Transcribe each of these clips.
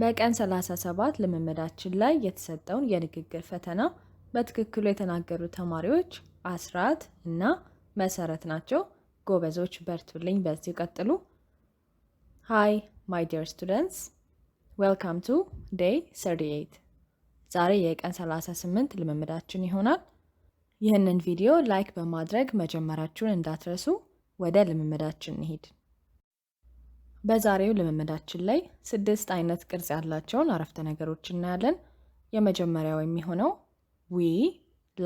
በቀን 37 ልምምዳችን ላይ የተሰጠውን የንግግር ፈተና በትክክሉ የተናገሩ ተማሪዎች አስራት እና መሰረት ናቸው። ጎበዞች በርቱልኝ፣ በዚህ ቀጥሉ። ሃይ ማይ ዲር ስቱደንትስ ዌልካም ቱ ዴይ 38 ዛሬ የቀን 38 ልምምዳችን ይሆናል። ይህንን ቪዲዮ ላይክ በማድረግ መጀመራችሁን እንዳትረሱ። ወደ ልምምዳችን እንሂድ። በዛሬው ልምምዳችን ላይ ስድስት አይነት ቅርጽ ያላቸውን አረፍተ ነገሮች እናያለን። የመጀመሪያው የሚሆነው ዊ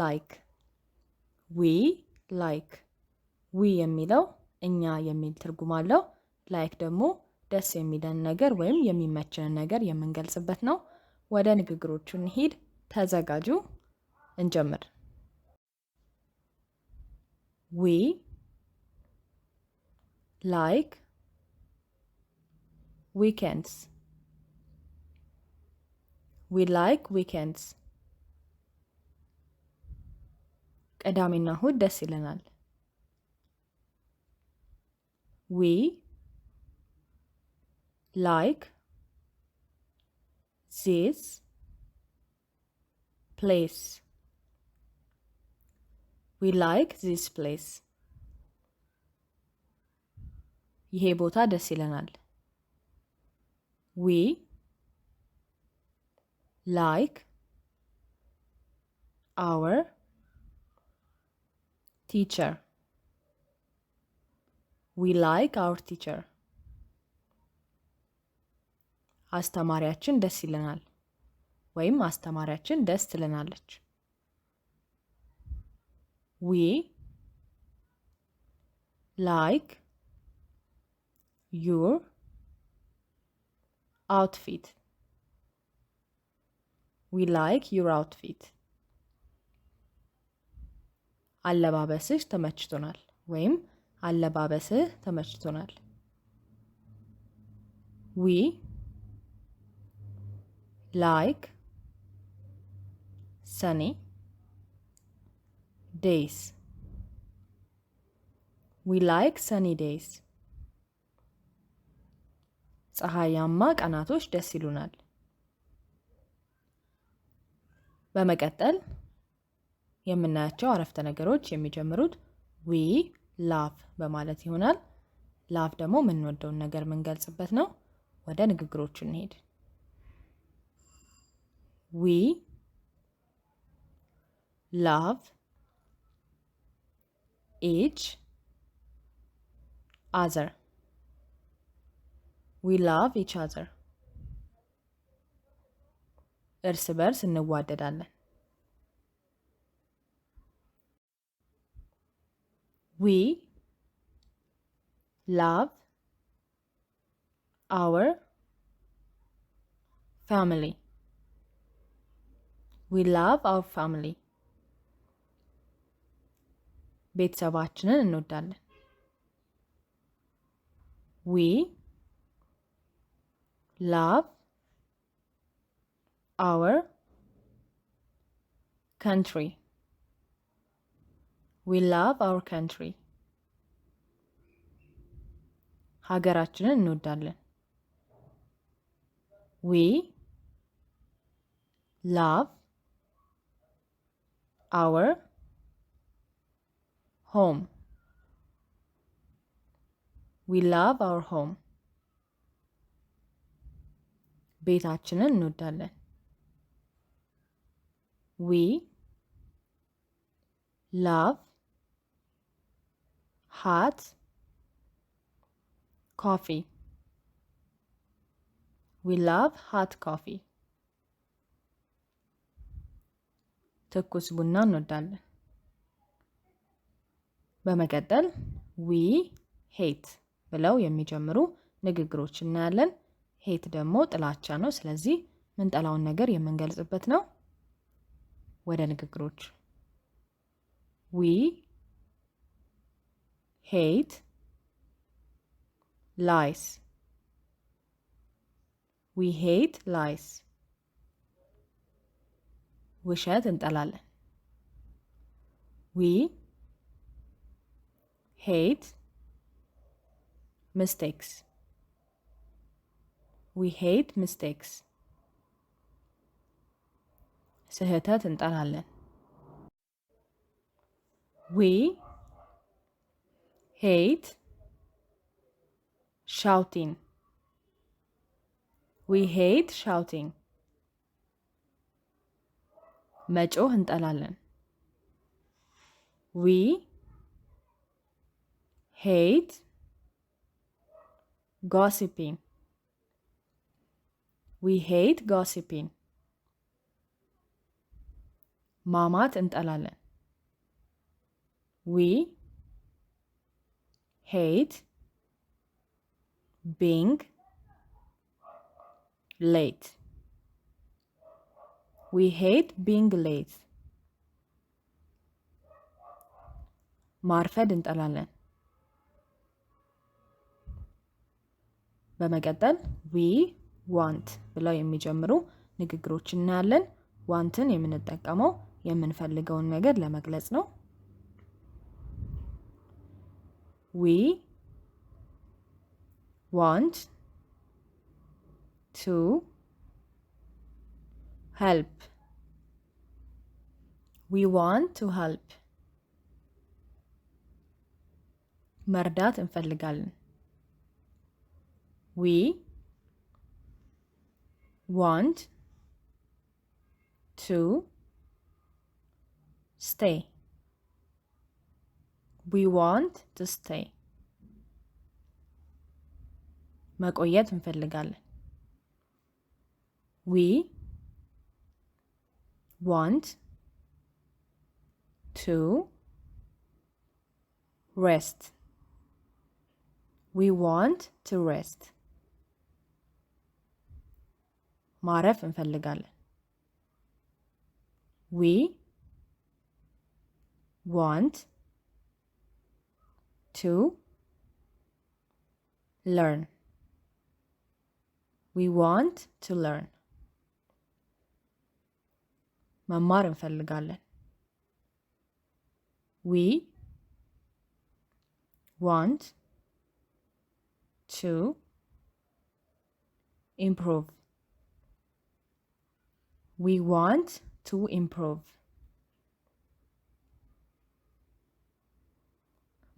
ላይክ፣ ዊ ላይክ። ዊ የሚለው እኛ የሚል ትርጉም አለው። ላይክ ደግሞ ደስ የሚለን ነገር ወይም የሚመችንን ነገር የምንገልጽበት ነው። ወደ ንግግሮቹ እንሂድ። ተዘጋጁ፣ እንጀምር። ዊ ላይክ weekends. We like weekends. ቅዳሜና እሁድ ደስ ይለናል። ዊ ላይክ ዚስ ፕሌስ ዊ ላይክ ዚስ ፕሌስ። ይሄ ቦታ ደስ ይለናል። ዊ ላይክ our ቲቸር We like አወር ቲቸር አስተማሪያችን ደስ ይለናል ወይም አስተማሪያችን ደስ ትለናለች። ዊ ላይክ ዩር አውትፊት ዊ ላይክ ዩር አውትፊት አለባበስሽ ተመችቶናል ወይም አለባበስህ ተመችቶናል። ዊ ላይክ ሰኒ ዴይስ ዊ ላይክ ሰኒ ዴይስ ፀሐያማ ቀናቶች ደስ ይሉናል። በመቀጠል የምናያቸው አረፍተ ነገሮች የሚጀምሩት ዊ ላቭ በማለት ይሆናል። ላቭ ደግሞ የምንወደውን ነገር የምንገልጽበት ነው። ወደ ንግግሮቹ እንሄድ። ዊ ላቭ ኢች አዘር ዊ ላቭ ኢች አዘር እርስ በርስ እንዋደዳለን። ዊ ላቭ አወር ፋሚሊ ዊ ላቭ አወር ፋሚሊ ቤተሰባችንን እንወዳለን። ዊ love our country. We love our country. ሀገራችንን እንወዳለን። We love our home. We love our home. ቤታችንን እንወዳለን። ዊ ላቭ ሃት ኮፊ ዊ ላቭ ሃት ኮፊ። ትኩስ ቡና እንወዳለን። በመቀጠል ዊ ሄት ብለው የሚጀምሩ ንግግሮች እናያለን። ሄት ደግሞ ጥላቻ ነው። ስለዚህ ምንጠላውን ነገር የምንገልጽበት ነው። ወደ ንግግሮች ዊ ሄት ላይስ ዊ ሄት ላይስ ውሸት እንጠላለን። ዊ ሄት ሚስቴክስ we hate mistakes. ስህተት እንጠላለን። we hate shouting. we hate shouting. መጮህ እንጠላለን። we hate gossiping ዊ ሄይት ጋሲፒን ማማት እንጠላለን። ዊ ሄት ቢንግ ሌት ዊ ሄይት ቢንግ ሌት ማርፈድ እንጠላለን። በመቀጠል ዊ ዋንት ብለው የሚጀምሩ ንግግሮች እናያለን። ዋንትን የምንጠቀመው የምንፈልገውን ነገር ለመግለጽ ነው። ዊ ዋንት ቱ ሄልፕ ዊ ዋንት ቱ ሄልፕ መርዳት እንፈልጋለን ዊ want to stay. We want to stay. መቆየት እንፈልጋለን። We want to rest. We want to rest. ማረፍ እንፈልጋለን። ዊ ዋንት ቱ ለርን ዊ ዋንት ቱ ለርን መማር እንፈልጋለን። ዊ ዋንት ቱ ኢምፕሮቭ ዊ ዋንት ቱ ኢምፕሮቭ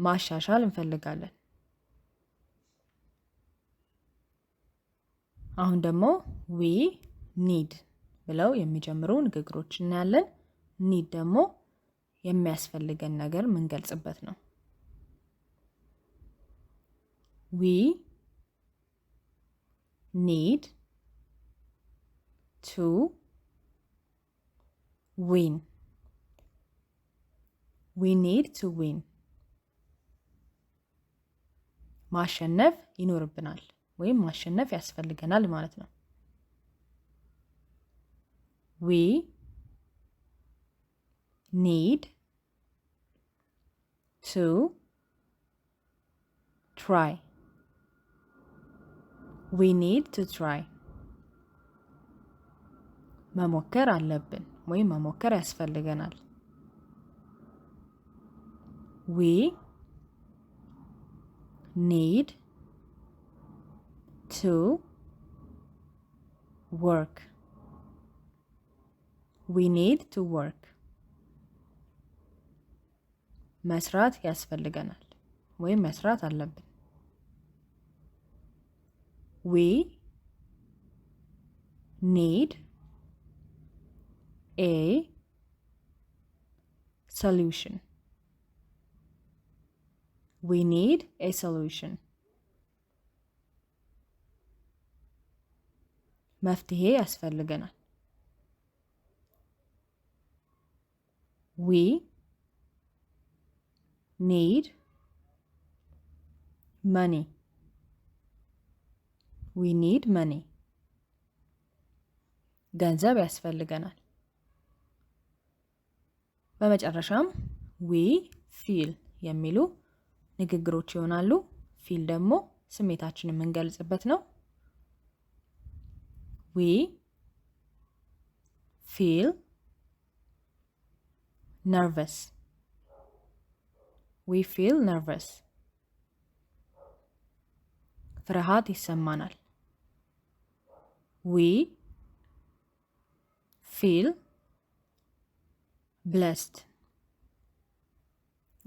ማሻሻል እንፈልጋለን። አሁን ደግሞ ዊ ኒድ ብለው የሚጀምሩ ንግግሮች እናያለን። ኒድ ደግሞ የሚያስፈልገን ነገር ምንገልጽበት ነው። ዊ ኒድ ቱ ዊን ዊ ኒድ ቱ ዊን ማሸነፍ ይኖርብናል ወይም ማሸነፍ ያስፈልገናል ማለት ነው። ዊ ኒድ ቱ ትራይ ዊ ኒድ ቱ ትራይ መሞከር አለብን። ወይም መሞከር ያስፈልገናል። ዊ ኒድ ቱ ወርክ ዊ ኒድ ቱ ወርክ መስራት ያስፈልገናል ወይም መስራት አለብን። ዊ ኒድ ኤ solution. We need a solution. መፍትሄ ያስፈልገናል። ዊ ኒድ መኒ ዊ ኒድ መኒ ገንዘብ ያስፈልገናል። በመጨረሻም ዊ ፊል የሚሉ ንግግሮች ይሆናሉ። ፊል ደግሞ ስሜታችን የምንገልጽበት ነው። ዊ ፊል ነርቨስ ዊ ፊል ነርቨስ ፍርሃት ይሰማናል። ዊ ፊል blessed.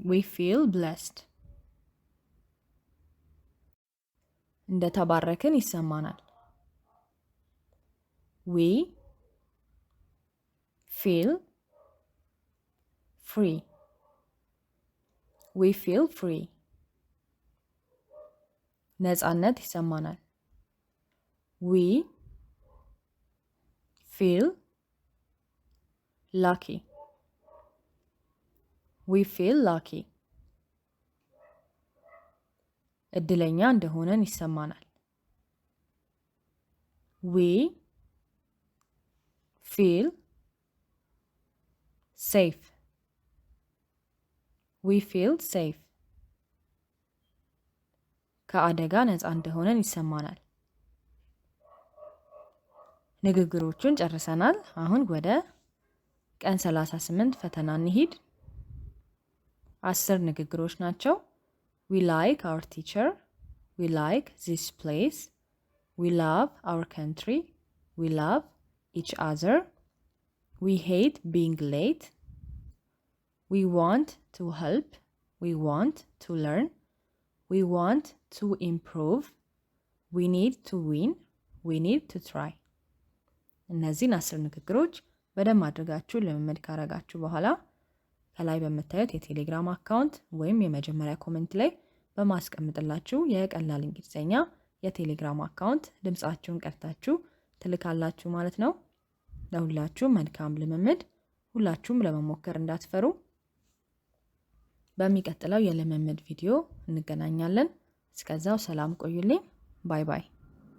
We feel blessed. እንደተባረክን ይሰማናል። ዊ ፊል ፍሪ ዊ ፊል ፍሪ ነጻነት ይሰማናል። ዊ ፊል ላኪ ዊ ፌል ላኪ እድለኛ እንደሆነን ይሰማናል። ዊ ፊል ሴፍ ዊ ፊል ሴፍ ከአደጋ ነፃ እንደሆነን ይሰማናል። ንግግሮቹን ጨርሰናል። አሁን ወደ ቀን 38 ፈተና እንሂድ። አስር ንግግሮች ናቸው። ዊ ላይክ አወር ቲቸር፣ ዊ ላይክ ዚስ ፕሌስ፣ ዊ ላቭ አወር ካንትሪ፣ ዊ ላቭ ኢች አዘር፣ ዊ ሄት ቢንግ ሌት፣ ዊ ዋንት ቱ ሄልፕ፣ ዊ ዋንት ቱ ለርን፣ ዊ ዋንት ቱ ኢምፕሩቭ፣ ዊ ኒድ ቱ ዊን፣ ዊ ኒድ ቱ ትራይ። እነዚህን አስር ንግግሮች በደንብ አድርጋችሁ ልምምድ ካረጋችሁ በኋላ ከላይ በምታዩት የቴሌግራም አካውንት ወይም የመጀመሪያ ኮመንት ላይ በማስቀምጥላችሁ የቀላል እንግሊዝኛ የቴሌግራም አካውንት ድምፃችሁን ቀርታችሁ ትልካላችሁ ማለት ነው። ለሁላችሁም መልካም ልምምድ። ሁላችሁም ለመሞከር እንዳትፈሩ። በሚቀጥለው የልምምድ ቪዲዮ እንገናኛለን። እስከዛው ሰላም ቆዩልኝ። ባይ ባይ።